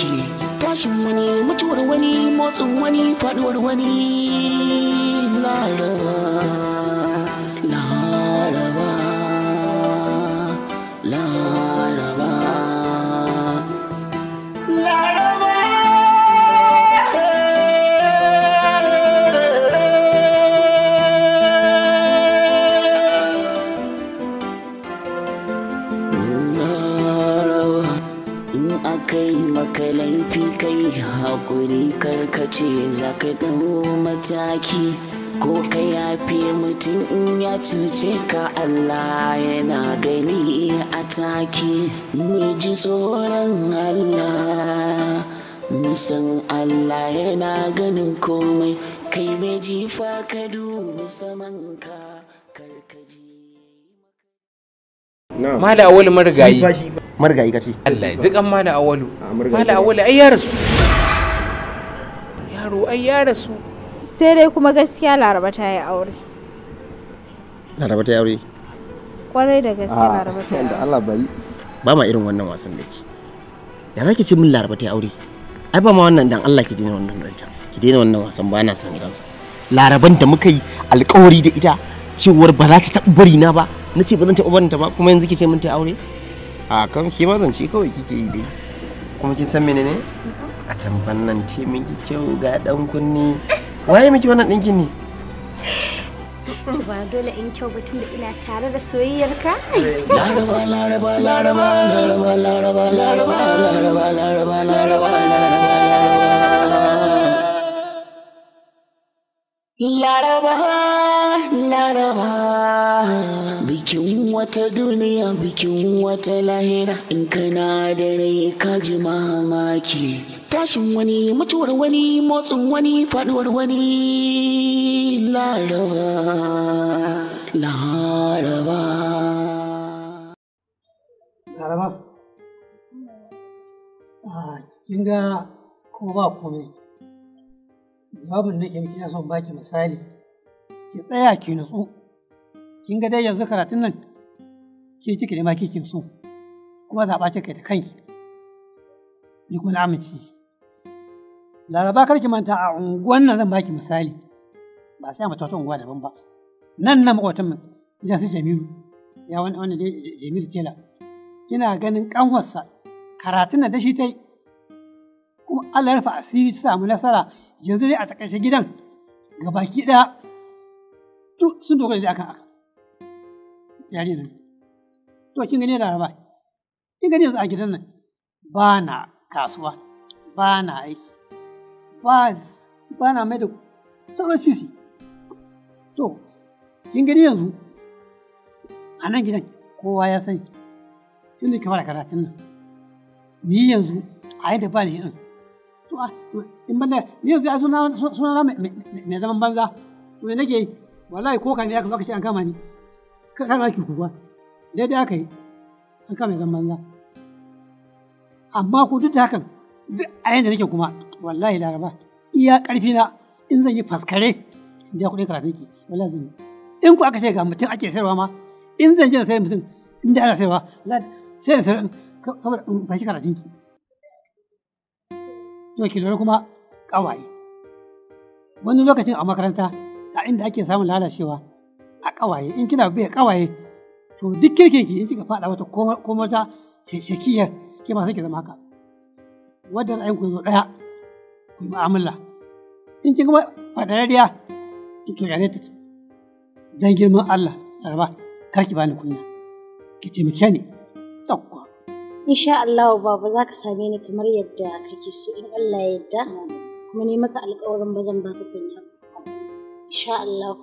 ce tashin wani mutuwar wani motsin wani faduwar wani laraba laraba laraba laraba kai maka laifi kai haƙuri karkace za ka ɗau mataki ko ka yafe mutum in ya cuce ka Allah yana gani a taki mu ji tsoron Allah san Allah yana ganin komai kai mai jifa ka dubi samanka karkaji Mala awali marigayi margayi kace Allah duk an da awalu ah, mala awalu ai ya rasu yaro ai ya rasu sai dai kuma gaskiya laraba ta yi aure laraba ta yi aure kwarai da gaskiya ah, laraba ta yi aure Allah bari ba ma irin wannan wasan da ke da zaki ki ce min laraba ta yi aure ai ba ma wannan dan Allah ki dina wannan can ki dina wannan wasan ba na san irinsa laraban da muka yi alƙawari da ita cewar ba za ta taɓa bari na ba na ce ba zan taɓa barinta ba kuma yanzu ke ce min ta aure a kan ke zance kawai kike yi dai kuma kin san menene a tamban nan te ki kyau ga dan kunni waye miki wannan dinkin ne ba dole in kyau batun da ina tare da soyayyar ka laraba laraba laraba laraba laraba laraba laraba laraba laraba laraba laraba laraba bikin wata duniya bikin wata lahira in kana da rai ka ji mamaki tashin wani mutuwar wani motsin wani faduwar wani laraba laraba laraba ah, kin ga ko ba komai jawabin da ke son baki misali ki tsaya ki nutsu kin ga dai yanzu karatun nan ke kike da ma kike so kuma zaɓa kai da kanki ni kuma na amince laraba karki manta a unguwan nan zan baki misali ba sai mu tawata unguwa daban ba nan nan makwatan mu gidan su Jamilu ya wani wani dai Jamilu Tela kina ganin kanwarsa karatun da shi ta yi kuma Allah ya rufa asiri ta samu nasara yanzu dai a takaice gidan ga baki ɗaya sun dogara da akan aka yare nan to kin gane da ba kin gane yanzu a gidan nan ba na kasuwa ba na aiki ba ba na mai da sauran sisi to kin gane yanzu a nan gidan kowa ya sani tun da ka fara karatun nan ni yanzu a yadda ba ni ɗin to a in banda ni yanzu a suna na mai zaman banza to me nake yi wallahi ko kan ya ka ce an kama ni ka kana kuwa daidai aka yi an kama zan banza amma ku duk da hakan duk a yadda nake kuma wallahi laraba iya karfi na in zan yi faskare da kuɗin karatun ki wallahi zan yi in ku aka ce ga mutum ake sayarwa ma in zan je na sayar mutum in da ana sayarwa sai da sayarwa kamar in baki karatun ki to ki lura kuma ƙawaye wani lokacin a makaranta a inda ake samun lalacewa a ƙawaye in kina biya ƙawaye to duk kirkin ki in kika faɗa wata komar ta shakiyar ke ba sai ki zama haka wadda ra'ayin ku zo ɗaya ku mu'amala in kika rariya ki to yare ta dan girman Allah tarba kar ki bani kunya ki taimake ni yawwa insha Allah baba za ka same ni kamar yadda kake so in Allah ya yarda kuma ne maka alƙawarin ba zan baka kunya insha Allah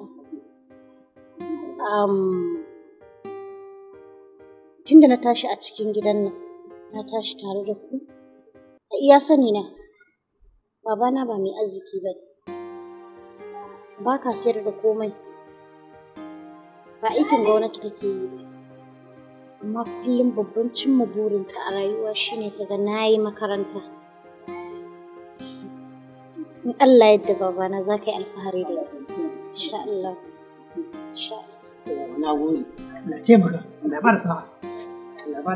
tun da na tashi a cikin gidan nan na tashi tare da ku a iya sani na babana ba mai arziki ba ba ka sayar da komai ba aikin gwamnati kake yi ba amma kullum babban cimma burinka a rayuwa shine kaga na yi makaranta in allah yadda babana za ka yi alfahari da allah allah Na gode. Allah ce ba da sa'a. Allah ba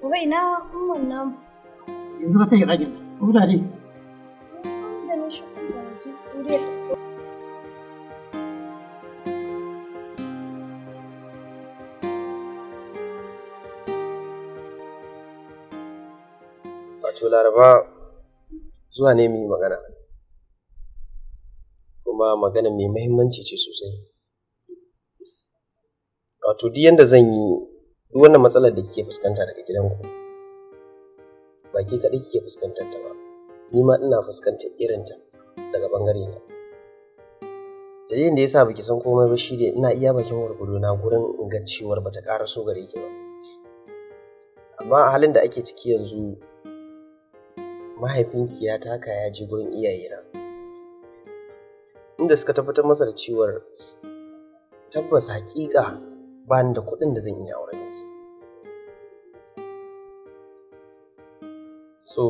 Gobe ina umman nan. Da wato laraba zuwa ne mu magana kuma magana mai muhimmanci ce sosai wato duk yanda zan yi duk wannan matsalar da kike fuskanta daga gidanku ba ke kaɗai kike fuskantar ta ba ni ma ina fuskantar ta daga ɓangare na dalilin da yasa baki san komai ba shi ne ina iya bakin wargudo na gurin ingancewar cewar bata ƙara so gare ki ba amma a halin da ake ciki yanzu mahaifinki ya taka ya je gurin iyayena inda suka tabbatar masa da cewar tabbas haƙiƙa. ba da kuɗin da zan yi aure auren su. so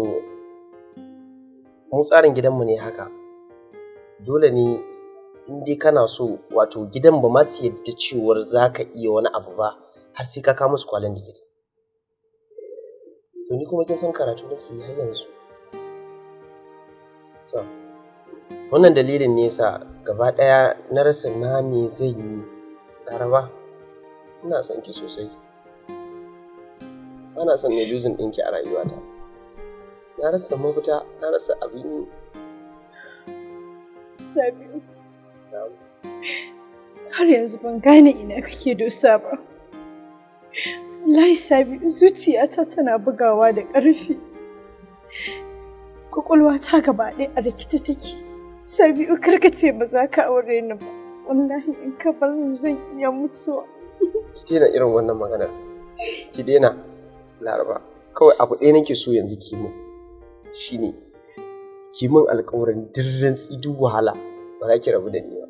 mu tsarin gidanmu ne haka dole ne in dai kana so wato gidan ba ma su yadda cewar za ka iya wani abu ba har sai ka kama su kwalin digiri to ni kuma kin san karatu nake yi har yanzu wannan dalilin nesa gaba ɗaya na rasa ma me zai yi laraba ina son ki sosai ana son ne losing ɗinki a rayuwata na rasa mafita na rasa abin yi sabiu har yanzu ban gane ina kake dosa ba wallahi sabiu zuciyata tana bugawa da ƙarfi ta gaba ɗaya a rikici take sabiu karkace ba za ka aure ni ba wallahi in ka bar ni zan iya mutuwa ki daina irin wannan magana ki daina laraba kawai abu ɗaya nake so yanzu ki mun shine ki mun alƙawarin dirrin tsidu wahala ba za ki rabu da ni ba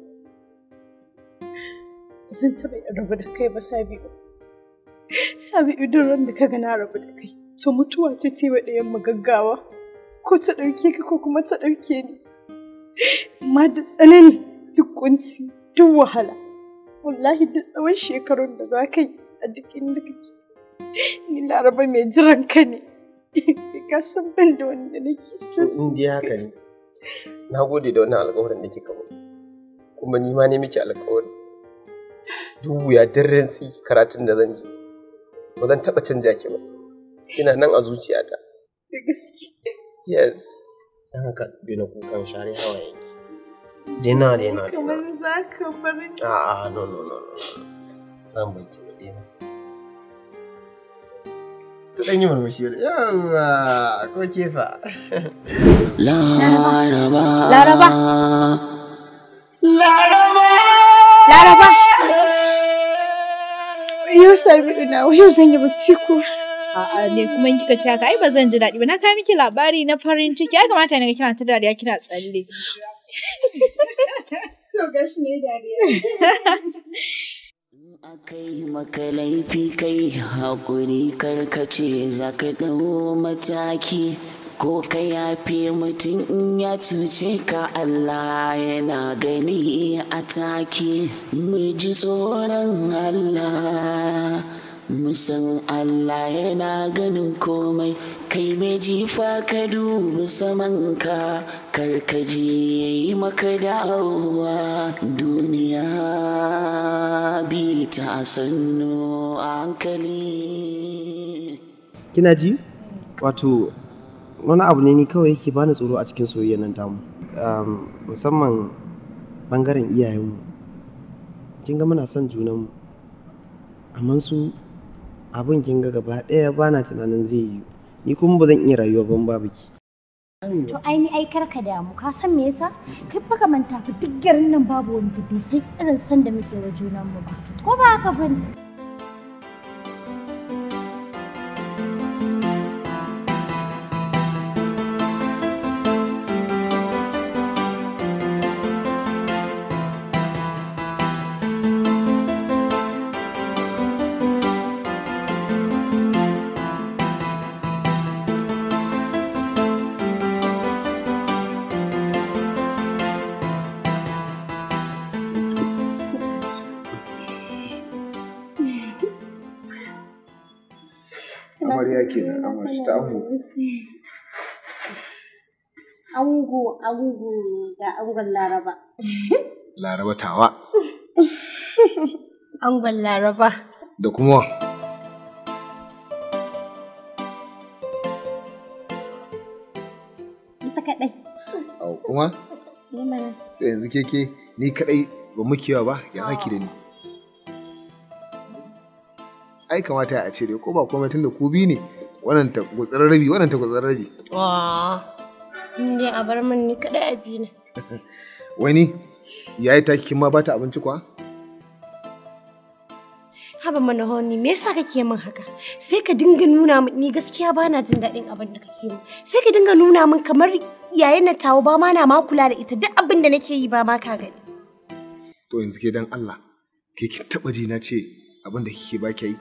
zan taɓa yin rabu da kai ba sabi'u sabi'u duk ran da kaga na rabu da kai to mutuwa ce ce wa ɗayan magaggawa ko ta ɗauke ka ko kuma ta ɗauke ni amma da tsanani duk kunci duk wahala wallahi duk tsawon shekarun da za ka yi a duk inda kake ni laraba mai jiran ka ne ka san ban da wanda nake so in dai haka ne na gode da wannan alƙawarin da ke kawo kuma ni ma ne miki alƙawarin. duk wuya dan rantsi karatun da zan je ba zan taɓa canja ki ba ina nan a zuciyata da gaske yes dan haka bi na kukan share hawayenki dina dina dina za ka bar ni a'a no no no zan baki ba dina ta ɗan yi murmushi da yawa ko kefa laraba laraba laraba laraba yau sami ina yau zan yi bacci ko A'a ne kuma in kika ce haka ai zan ji daɗi ba na kawo miki labari na farin ciki ya kamata ne kina ta dariya kina tsalle. to gashi ne dariya akai maka laifi kai haƙuri karkace za ka ɗau mataki ko ka yafe mutum in ya cuce ka Allah yana gani a take mu ji tsoron Allah musan Allah yana ganin komai kai mai jifa ka dubi samanka karkaji ya yi maka dawowa duniya bi ta sannu a hankali kina ji wato wani abu ne ni kawai yake bani tsoro a cikin soyayya nan musamman bangaren iyayenmu kin ga muna son junanmu amma su abin kin ga gaba ɗaya ba na tunanin zai yiwu ni kuma ba zan iya rayuwa ban babu ki to ai ni ai ka damu ka san me yasa kai baka manta fa duk garin nan babu wanda bai san irin san da muke wa junan mu ba ko ba haka bane amarya kenan angon laraba laraba da kuma ita yanzu keke ni kadai ba mukewa ba ya zaki da ni ai kamata a ce dai ko ba komai tunda ku bi ne wannan ta gutsar rabi wannan ta gutsar rabi wa in dai a bar min ni kada a bi ne wani yayi taki kin ma ba ta abinci kwa? haba mana honi me yasa kake min haka sai ka dinga nuna min ni gaskiya ba na jin daɗin abin da kake yi sai ka dinga nuna min kamar yayin na tawo ba ma na ma kula da ita duk abin da nake yi ba ma ka gani to yanzu ke dan Allah ke ki taba ji na ce abin da kike ba ki yi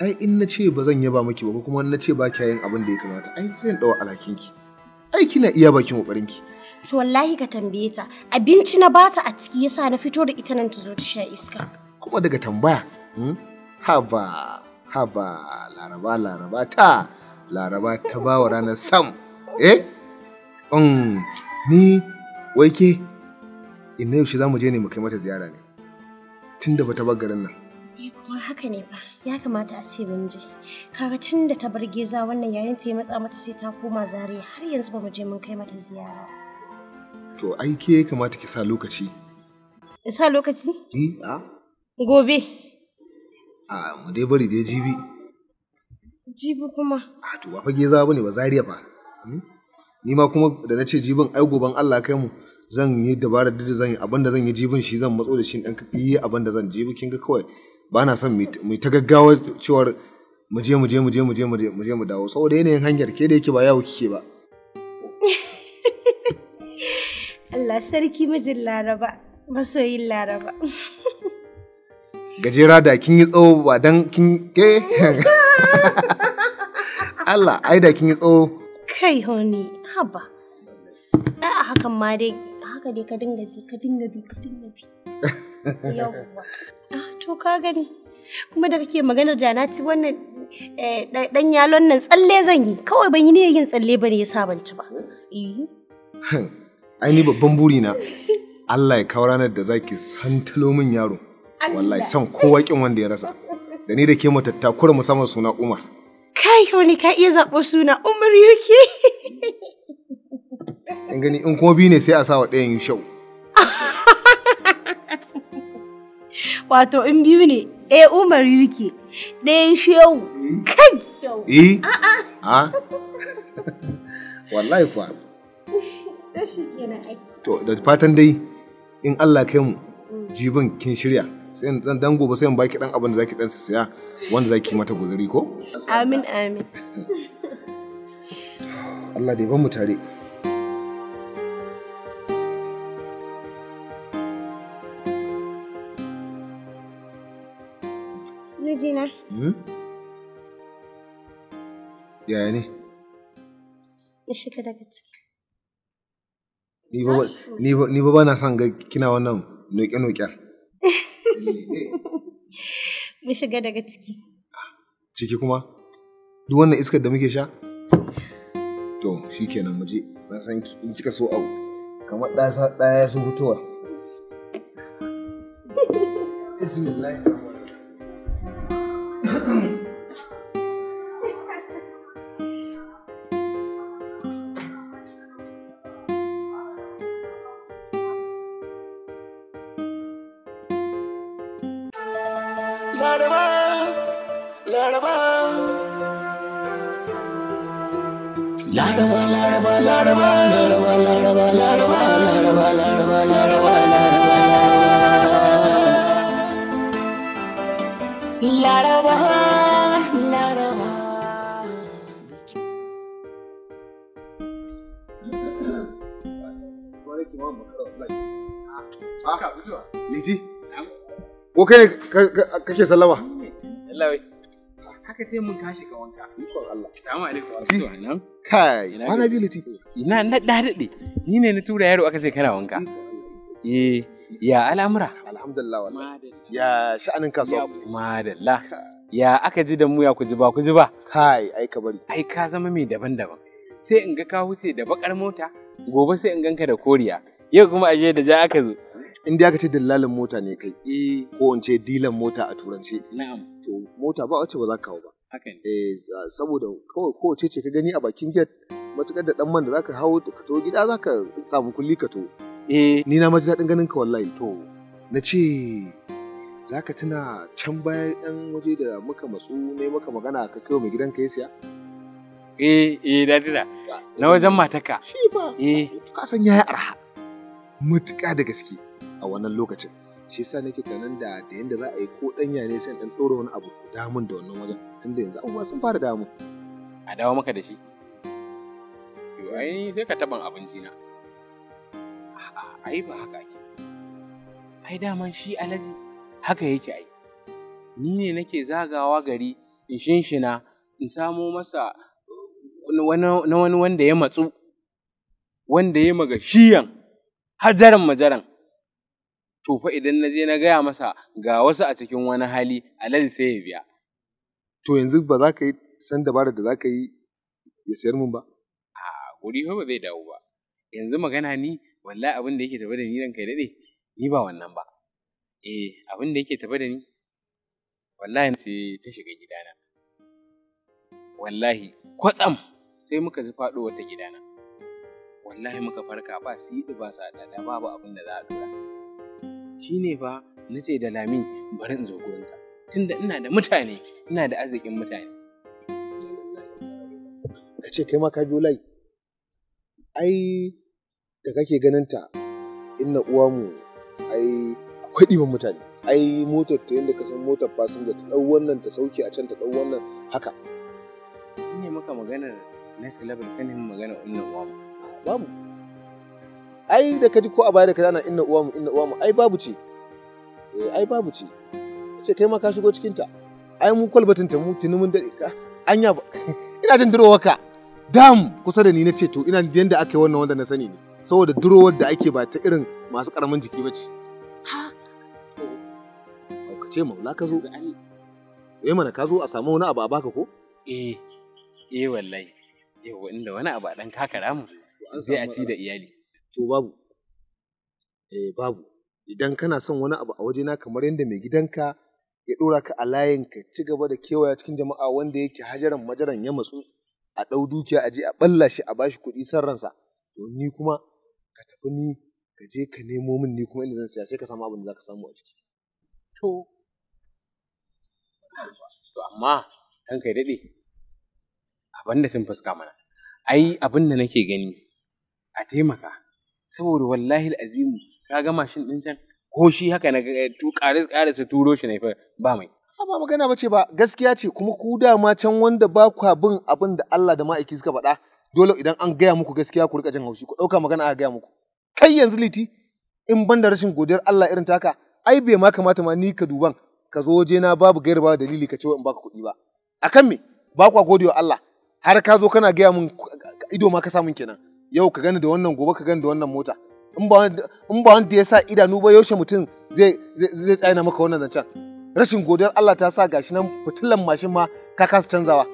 ai in na ce ba zan yaba miki ba kuma na ce ba kya yin abin da ya kamata ai zan dawo alhakin ki ai kina iya bakin kokarin ki to wallahi ka tambaye ta abinci na bata a ciki yasa na fito da ita nan ta zo ta sha iska kuma daga tambaya hmm? haba haba laraba laraba ta laraba ta bawa ranar sam eh um ni wai ke inna yaushe za mu je ne mu kai mata ziyara ne tunda bata bar garin nan Eh kuma haka ne fa ya kamata a ce mun je. Kaga tun da ta bar geza wannan yayin ta yi matsa mata sai ta koma Zaria har yanzu ba mu je mun kai mata ziyara. To ai ke kamata ki sa lokaci. In sa lokaci? Eh a. Gobe. A mu dai bari dai jibi. Jibi kuma. A to ba fa geza bane ba Zaria fa. Hmm? Ni ma kuma da na ce jibin ai goban Allah kai mu. zan yi dabarar da zan yi abin da zan yi jibin shi zan matso da shi dan yi abin da zan jibi kin ga kawai ba na son mu ta gaggawa cewar mu je mu je mu je mu je mu je dawo saboda yanayin hanyar ke da yake ba yawo kike ba Allah sarki mijin Laraba masoyin Laraba gajera da kin yi tsawo ba dan kin ke Allah ai da kin yi tsawo kai honi haba a hakan ma dai haka dai ka dinga bi ka dinga bi ka dinga bi Ah, kuma da kake maganar da na ci wannan dan eh, yalon nan tsalle zan yi. Kawai ban yi ne yin tsalle bane ya sa ban ba. Ai ni babban buri na. Allah ya kawo ranar da zaki santalo min yaro. Wallahi san kowa kin wanda ya rasa. Da ni da ke matatta mu musamman suna Umar. Kai ne ka iya zaɓo suna Umar yake. In gani in kuma bi ne sai a sa wa ɗayan shau. Wato in biyu ne, ɗaya eh, Umar Yuki, ɗaya Shehu. Eh? Kai! Eh? A'a. Ah? Wallahi kuwa. To da fatan dai in Allah kai mu mm. jibin kin shirya. Sai dan dan gobe sai in baki dan abin da zaki dan siya wanda zaki mata guzuri ko? Amin amin. Allah dai ban mu tare. Yaya ne? Ya shiga daga ciki. Ni ba ba na son ga kina wannan noƙe-noƙen. Mu shiga daga ciki. Ciki kuma? Duk wannan iskar da muke sha? To, shi kenan mu Na san in kika so abu. Kamar ɗaya ya so fitowa. Bismillah. kai ne kake sallama Allah haka ce mun tashi ka wanka ikon Allah assalamu alaikum wa nan kai ana bi liti ina na dade ni ne na tura yaro aka ce kana wanka eh ya al'amura alhamdulillah wallahi ya sha'anin kasuwa madalla ya aka ji da mu ya ku ji ba ku ji ba kai ai ka bari ai ka zama mai daban-daban sai in ga ka wuce da bakar mota gobe sai in ganka da koriya yau kuma aje da ja aka zo in dai aka ce dillalin mota ne kai eh. ko in ce dilan mota a turanci na'am to mota ba wacce ba za ka kawo ba haka ne eh saboda kawai kowace ce ka gani a bakin gate matukar da dan man da zaka hawo ka to gida zaka samu kulli ka to eh ni na maji dadin ganin ka wallahi to na ce zaka tuna can baya dan waje da muka matsu ne maka magana ka kai mai gidan ka ya siya eh eh da na wajen mataka shi ba eh ka san yayi arha mutuka da gaske a wannan lokacin shi yasa nake tunanin da da yanda za a yi ko danya ne sai dan ɗora wani abu guda mun da wannan wajen tunda yanzu abubuwa sun fara damu a dawo maka da shi yo ai sai ka taban abinci na a'a ai ba haka ake ai daman shi alaji haka yake ai ni ne nake zagawa gari in shinshina in samo masa uh, na wani wanda ya matsu wanda ya maga shiyan hajaran majaran to fa idan na je na gaya masa ga wasu a cikin wani hali alal sai ya biya to yanzu ba za ka yi san dabarar da za ka yi ya sayar mun ba a guri fa ba zai dawo ba yanzu magana ni wallahi abin da yake tafe da ni ran kai dade ni ba wannan ba eh abin da yake tafe da ni wallahi sai ta shiga gidana wallahi kwatsam sai muka ji faɗo wata gidana wallahi muka farka ba su yi ba sa da babu abin da za a dora Shi ne fa na ce da lami bari in zo gurinka tunda ina da mutane ina da arzikin mutane ka ce kai ma ka biyo layi ai da kake ganin ta uwa mu, ai akwai ɗiban mutane ai motar ta yadda ka san motar fasinja ta ɗau wannan ta sauke a can ta ɗau wannan haka ne maka maganar na silabar kanin maganar inna uwamu babu ai da kaji ko a baya da ka ana inna uwa mu inna uwa mu ai babu ce eh ai babu ce ce kai ma ka shigo cikin ta ai mu kwalbatin ta mu tuni mun dade ka ah, anya ina jin durowarka dam kusa da ni na ce to ina jin da aka yi wannan wanda na sani ne saboda durowar da ake ba ta irin masu karamin jiki ba ce ha ka ce maula ka zo eh mana ka zo a samu wani abu a baka ko eh eh wallahi yau inda wani abu a dan kakara mu zai a ci da iyali to babu eh babu idan kana son wani abu a waje na kamar yadda mai gidanka ya ɗora ka a layin ka ci gaba da kewaya cikin jama'a wanda yake hajaran majaran ya matsu a ɗau dukiya a je a balla shi a bashi kuɗi san ransa to ni kuma ka tafi ni ka je ka nemo min ni kuma inda zan siya sai ka samu abin da zaka samu a ciki to to amma kan kai daɗe abin sun fuska mana ai abin da nake gani a taimaka saboda wallahi azimu ka ga mashin din can ko shi haka na eh, ƙaris su turo shi ne ba mai ba magana bace ba gaskiya ce kuma ku dama can wanda ba kwa bin abin da Allah da ma'aiki suka faɗa dole idan an gaya muku gaskiya ku rika jin haushi ku ɗauka magana a gaya muku kai yanzu liti in banda rashin godiyar Allah irin taka ai bai ma kamata ma ni ka duban ka zo waje na babu gaira ba dalili ka ce in baka kuɗi ba akan me ba kwa Allah har ka zo kana gaya mun ido ma ka samun kenan yau ka gani da wannan gobe ka gani da wannan mota in ba wanda ya sa idanu ba yaushe mutum zai zai tsayana maka wannan zancen rashin godiyar Allah ta sa gashi nan fitilan mashin ma ka kasa canzawa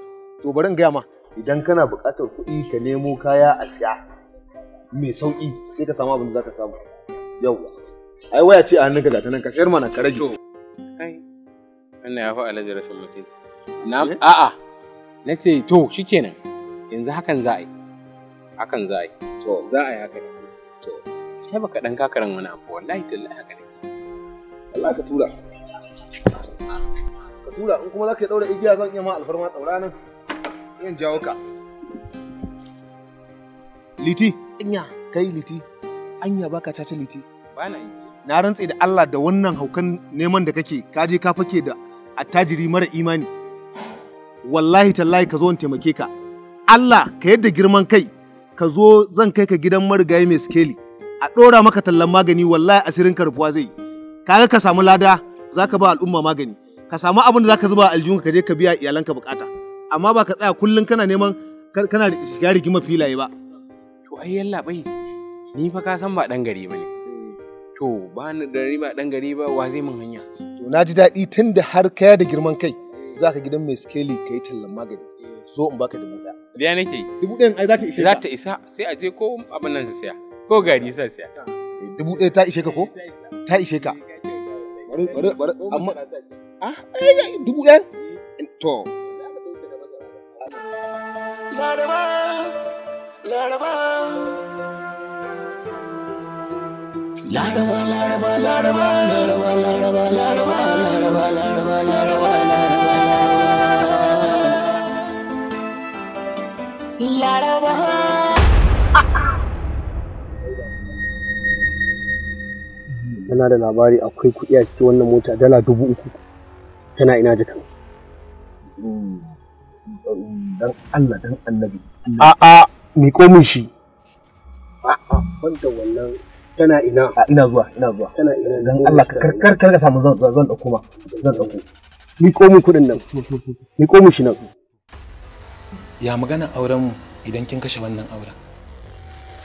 to bari in gaya ma idan kana buƙatar kuɗi ka nemo kaya a siya mai sauƙi sai ka samu abin da zaka samu yau ai waya ce a hannun ka ta nan ka sayar mana ka rage Allah ya fa alaji rashin mutunci na eh? a'a na ce to shikenan yanzu hakan za a yi hakan za a yi to za a yi haka ne to kai baka dan kakarin wani abu wallahi tallahi haka ne Allah ka tura ka tura in kuma za ka daura igiya zan iya ma alfarma tsaura yan jawo ka liti inya kai liti anya baka caca liti ba na yi na rantse da Allah da wannan haukan neman da kake ka je ka fake da attajiri mara imani wallahi tallahi ka zo in taimake ka Allah ka yadda girman kai ka zo zan kai ka gidan marigayi mai skeli a ɗora maka tallan magani wallahi asirin karbuwa zai kaga ka samu lada ka ba al'umma magani ka samu abin da zaka zuba a aljihunka ka je ka biya iyalanka bukata amma ba ka tsaya kullum kana neman kana shiga rigima filaye ba to ai yalla bai ni fa ka san ba dan gari bane to ba ni gari ba dan gari ba wa zai min hanya to na ji daɗi tunda har kaya da girman kai zaka gidan mai skeli kai tallan magani zo in baka dubu ɗaya. Diya nake yi. Dubu ɗayan ai za ta ishe Za ta isa sai a je ko abin nan su siya ko gari sa eh, Dubu ɗaya ta ishe ka ko? Ta ishe ka. Bari bari bari amma ah ai dubu ɗayan to. Laraba Laraba Laraba Laraba Laraba Laraba Laraba Laraba Laraba Laraba tana da labari akwai kuɗi a cikin wannan mota dala dubu uku tana ina jika. dan Allah dan Allah. a'a mi komin shi a'a wanda wannan tana ina a ina zuwa ina zuwa tana ina dan Allah kar ka samu zan ɗauko dauko ma zan dauko mi komin kuɗin nan mi komin shi nan ya magana auren mu idan kin kashe wannan auren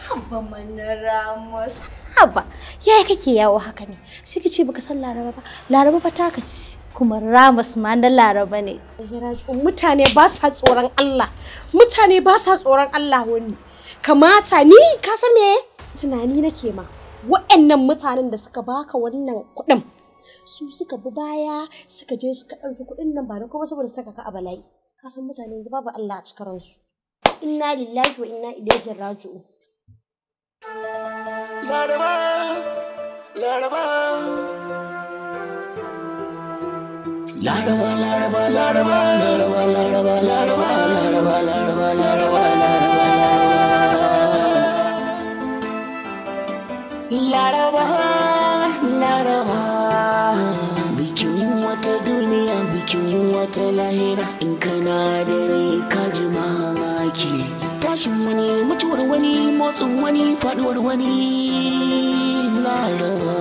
haba mana ramos haba ya kake yawo haka ne sai ki ce baka san laraba ba laraba ba ta ci kuma ramus ma na laraba ne mutane ba sa tsoron allah mutane ba sa tsoron allah wani kamata ni ka san me tunani nake ma waɗannan mutanen da suka baka wannan kuɗin su suka bi baya suka je suka ɗauki kuɗin nan ba da kuma saboda suka ka a bala'i ka san mutane yanzu babu Allah a cikin ransu inna lillahi wa inna ilaihi raji'u laraba laraba laraba laraba laraba laraba laraba laraba laraba laraba laraba laraba laraba bikin wata duniya bikin wata aiki tashin wani mutuwar wani motsin wani faduwar wani laraba